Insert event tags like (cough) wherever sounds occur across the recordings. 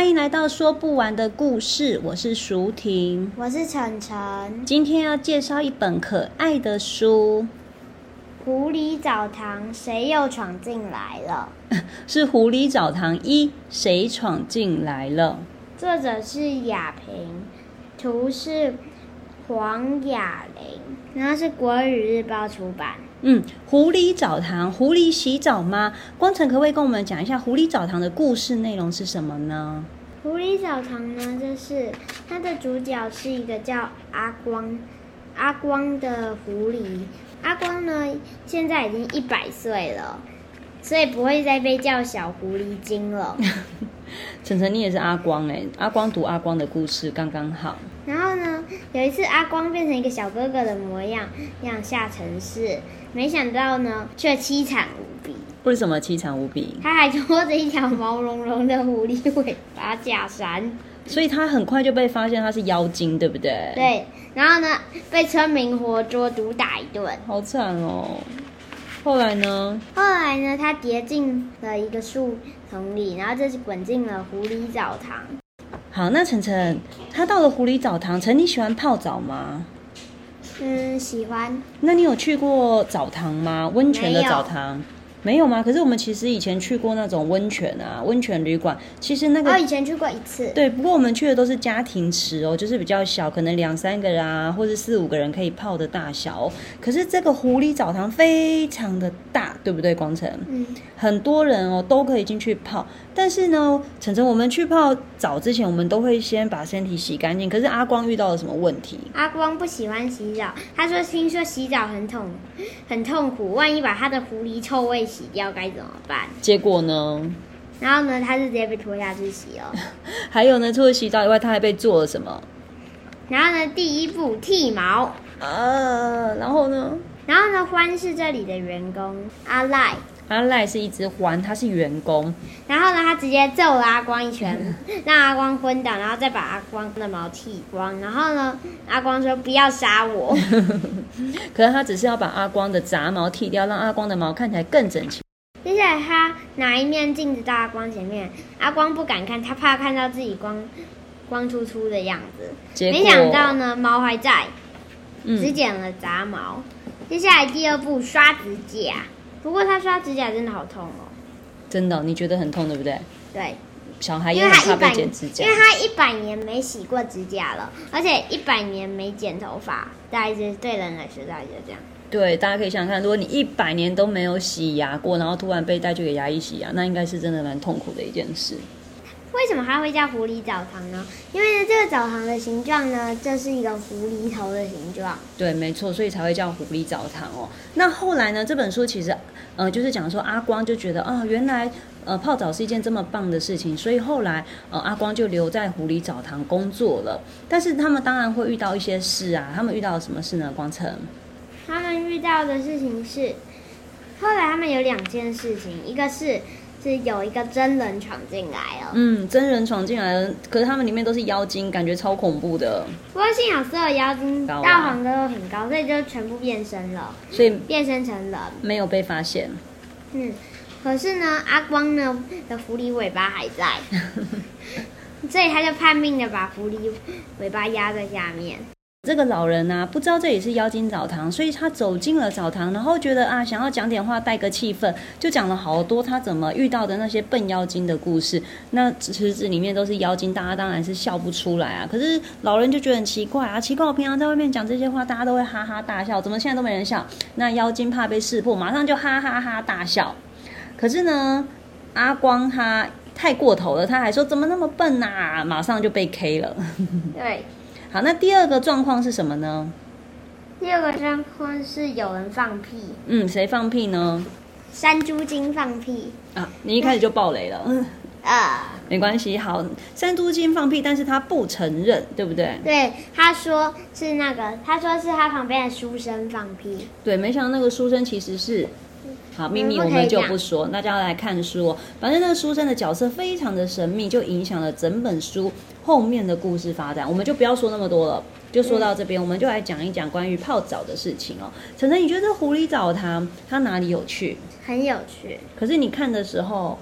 歡迎來到說不完的故事，我是淑婷，我是澄澄。今天要介紹一本可愛的書，《狐狸澡堂》，誰又闖進來了？ (laughs) 是《狐狸澡堂》一，誰闖進來了？作者是亞平，圖是黃雅玲，然後是國語日報出版。嗯，《狐狸澡堂》，狐狸洗澡嗎？光澄可不可以跟我們講一下《狐狸澡堂》的故事內容是什麼呢？《狐狸澡堂》呢，就是它的主角是一個叫阿光，阿光的狐狸。阿光呢，現在已經一百歲了，所以不會再被叫小狐狸精了。 (laughs) 澄澄，你也是阿光哎、欸！阿光讀阿光的故事剛剛好。然後呢，有一次阿光變成一個小哥哥的模樣，要下城市，沒想到呢，卻淒慘無比。為什麼淒慘無比？他還拖着一條毛茸茸的狐狸尾巴假山，所以他很快就被發現他是妖精，對不對？對。然後呢，被村民活捉，毒打一頓。好慘哦！後來呢？後來呢？他跌進了一個樹叢裡，然後就是滾進了狐狸澡堂。好，那澄澄，他到了狐狸澡堂，澄你喜歡泡澡嗎？嗯，喜歡。那你有去過澡堂嗎？溫泉的澡堂？沒有嗎？可是我們其實以前去過那種溫泉啊，溫泉旅館，其實那個哦，以前去過一次。對，不過我們去的都是家庭池哦，就是比較小，可能兩三個人啊，或者四五個人可以泡的大小。可是這個狐狸澡堂非常的大，對不對，光澄？嗯。很多人哦都可以進去泡。但是呢，澄澄，我們去泡澡之前，我們都會先把身體洗乾淨。可是阿光遇到了什麼問題？阿光不喜歡洗澡，他說聽說洗澡很痛，很痛苦。萬一把他的狐狸臭味。洗掉該怎麼辦？結果呢？然後呢？他就直接被拖下去洗了。 (laughs) 還有呢？除了洗澡以外，他還被做了什麼？然後呢？第一步剃毛。呃、啊，然後呢？然後呢？歡是這裡的員工，阿賴。阿賴是一只獾，他是員工。然後呢，他直接揍了阿光一拳， (laughs) 讓阿光昏倒，然後再把阿光的毛剃光。然後呢，阿光說：“不要殺我。 (laughs) ”可是他只是要把阿光的雜毛剃掉，讓阿光的毛看起來更整齊。接下來他拿一面鏡子到阿光前面，阿光不敢看，他怕看到自己光光禿禿的樣子。沒想到呢，毛還在，只剪了雜毛。嗯、接下來第二步，刷指甲。不過他刷指甲真的好痛哦，真的、哦，你覺得很痛對不對？對，小孩也很怕被剪指甲因，因為他一百年沒洗過指甲了，而且一百年沒剪頭髮，大家、就是對人來說大家就這樣。對，大家可以想想看，如果你一百年都沒有洗牙過，然後突然被帶去給牙醫洗牙，那應該是真的蠻痛苦的一件事。為什麼它會叫狐狸澡堂呢？因為呢，這個澡堂的形狀呢，這是一個狐狸頭的形狀。對，沒錯，所以才會叫狐狸澡堂哦。那後來呢？這本書其實，呃，就是講說阿光就覺得啊，哦，原來呃泡澡是一件這麼棒的事情，所以後來呃阿光就留在狐狸澡堂工作了。但是他們當然會遇到一些事啊。他們遇到了什麼事呢？光成，他們遇到的事情是，後來他們有兩件事情，一個是。是有一個真人闖進來了，嗯，真人闖進來了，可是他們裡面都是妖精，感覺超恐怖的。不過幸好所有妖精道行、啊、都很高，所以就全部變身了，所以變身成人，沒有被發現。嗯，可是呢，阿光呢的狐狸尾巴還在， (laughs) 所以他就拼命的把狐狸尾巴壓在下面。這個老人啊，不知道這裡是妖精澡堂，所以他走進了澡堂，然後覺得啊，想要講點話帶個氣氛，就講了好多他怎麼遇到的那些笨妖精的故事。那池子裡面都是妖精，大家當然是笑不出來啊。可是老人就覺得很奇怪啊，奇怪我平常在外面講這些話，大家都會哈哈大笑，怎麼現在都沒人笑？那妖精怕被識破，馬上就哈哈哈哈大笑。可是呢，阿光他太過頭了，他還說怎麼那麼笨吶啊，馬上就被 K 了。對。好，那第二個狀況是什麼呢？第二個狀況是有人放屁。嗯，誰放屁呢？山豬精放屁。啊，你一開始就暴雷了。啊， (laughs) 沒關係。好，山豬精放屁，但是他不承認，對不對？對，他說是那個，他說是他旁邊的書生放屁。對，沒想到那個書生其實是。好，祕密我們就不說，大家來看書哦。反正那個書生的角色非常的神秘，就影響了整本書後面的故事發展。我們就不要說那麼多了，就說到這邊，嗯，我們就來講一講關於泡澡的事情哦。晨晨，你覺得狐狸澡堂它哪裡有趣？很有趣。可是你看的時候。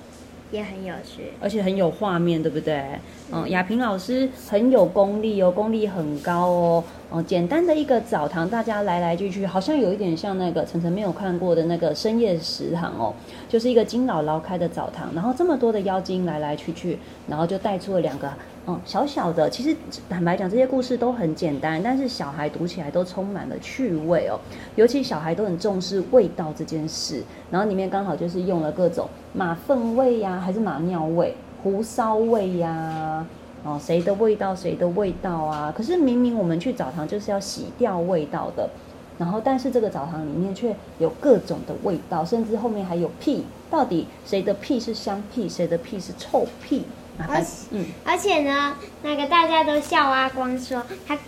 也很有趣，而且很有畫面，對不對？嗯，亞平老師很有功力哦，功力很高哦。哦、嗯，簡單的一個澡堂，大家來來去去，好像有一點像那個晨晨沒有看過的那個深夜食堂哦，就是一個金姥姥開的澡堂，然後這麼多的妖精來來去去，然後就帶出了兩個。嗯，小小的，其實坦白講，這些故事都很簡單，但是小孩讀起來都充滿了趣味哦。尤其小孩都很重視味道這件事，然後裡面剛好就是用了各種馬糞味呀、啊，還是馬尿味、狐騷味呀、啊，哦，誰的味道誰的味道啊。可是明明我們去澡堂就是要洗掉味道的，然後但是這個澡堂裡面卻有各種的味道，甚至後面還有屁，到底誰的屁是香屁，誰的屁是臭屁？啊、而且、嗯、而且呢，那個大家都笑阿、啊、光說他，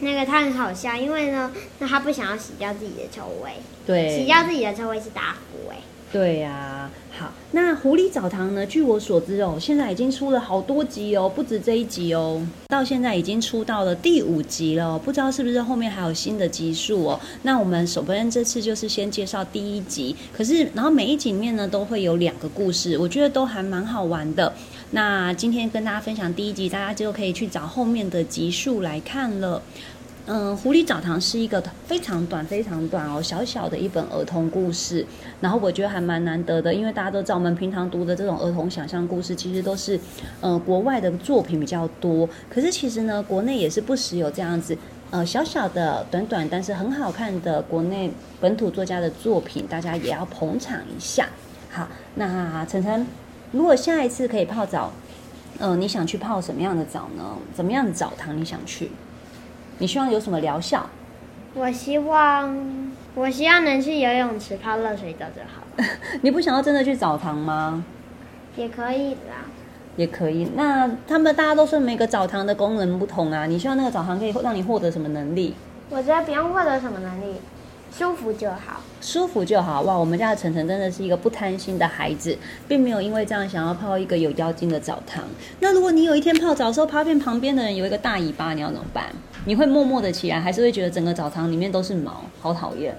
那個他很好笑，因為呢，那他不想要洗掉自己的臭味，對，洗掉自己的臭味是大福哎，對呀、啊。好，那狐狸澡堂呢？據我所知哦，現在已經出了好多集哦，不止這一集哦，到現在已經出到了第五集了，不知道是不是後面還有新的集數哦。那我們手邊這次就是先介紹第一集，可是然後每一集裡面呢，都會有兩個故事，我覺得都還蠻好玩的。那今天跟大家分享第一集，大家就可以去找後面的集數來看了。嗯，《狐狸澡堂》是一個非常短、非常短哦，小小的一本兒童故事。然後我覺得還蠻難得的，因為大家都知道我們平常讀的這種兒童想象故事，其實都是嗯、呃、國外的作品比較多。可是其實呢，國內也是不時有這樣子呃小小的、短短但是很好看的國內本土作家的作品，大家也要捧場一下。好，那澄澄。如果下一次可以泡澡，嗯、呃，你想去泡什麼樣的澡呢？怎麼樣的澡堂你想去？你希望有什麼療效？我希望，我希望能去游泳池泡熱水澡就好 (laughs) 你不想要真的去澡堂嗎？也可以啦。也可以。那他們大家都說每個澡堂的功能不同啊。你希望那個澡堂可以讓你獲得什麼能力？我覺得不用獲得什麼能力。舒服就好，舒服就好哇！我們家的晨晨真的是一個不貪心的孩子，並沒有因為這樣想要泡一個有妖精的澡堂。那如果你有一天泡澡的時候，旁邊旁邊的人有一個大尾巴，你要怎麼辦？你會默默的起來，還是會覺得整個澡堂裡面都是毛，好討厭？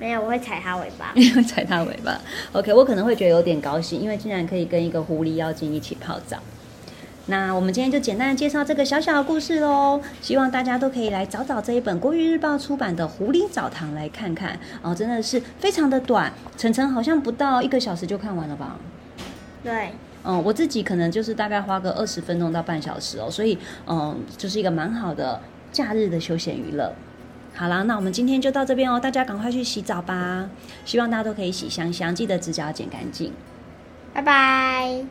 沒有，我會踩他尾巴。你 (laughs) 會踩他尾巴？OK，我可能會覺得有點高興，因為竟然可以跟一個狐狸妖精一起泡澡。那我們今天就簡單的介紹這個小小的故事嘍，希望大家都可以來找找這一本國語日報出版的《狐狸澡堂》來看看哦，真的是非常的短，澄澄好像不到一個小時就看完了吧？對，嗯，我自己可能就是大概花個二十分鐘到半小時哦，所以嗯，就是一個蠻好的假日的休閒娛樂。好啦，那我們今天就到這邊哦，大家趕快去洗澡吧，希望大家都可以洗香香，記得指甲剪乾淨，拜拜。